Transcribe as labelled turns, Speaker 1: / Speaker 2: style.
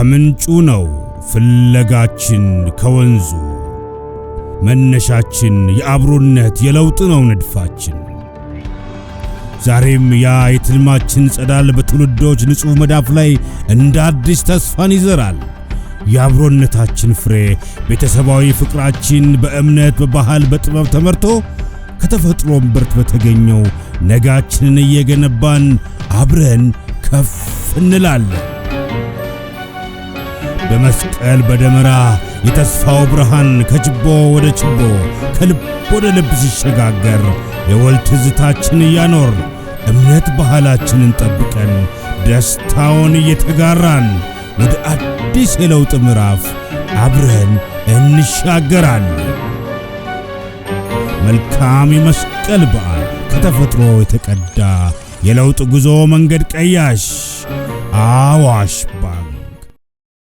Speaker 1: ከምንጩ ነው ፍለጋችን ከወንዙ መነሻችን የአብሮነት የለውጥ ነው ንድፋችን። ዛሬም ያ የትልማችን ጸዳል በትውልዶች ንጹሕ መዳፍ ላይ እንደ አዲስ ተስፋን ይዘራል። የአብሮነታችን ፍሬ ቤተሰባዊ ፍቅራችን በእምነት በባህል በጥበብ ተመርቶ ከተፈጥሮም ብርት በተገኘው ነጋችንን እየገነባን አብረን ከፍ እንላለን። በመስቀል በደመራ የተስፋው ብርሃን ከችቦ ወደ ችቦ ከልብ ወደ ልብ ሲሸጋገር የወል ትዝታችን እያኖር እምነት ባህላችንን ጠብቀን ደስታውን እየተጋራን ወደ አዲስ የለውጥ ምዕራፍ አብረን እንሻገራል። መልካም የመስቀል በዓል ከተፈጥሮ የተቀዳ የለውጥ ጉዞ መንገድ ቀያሽ አዋሽ ባንክ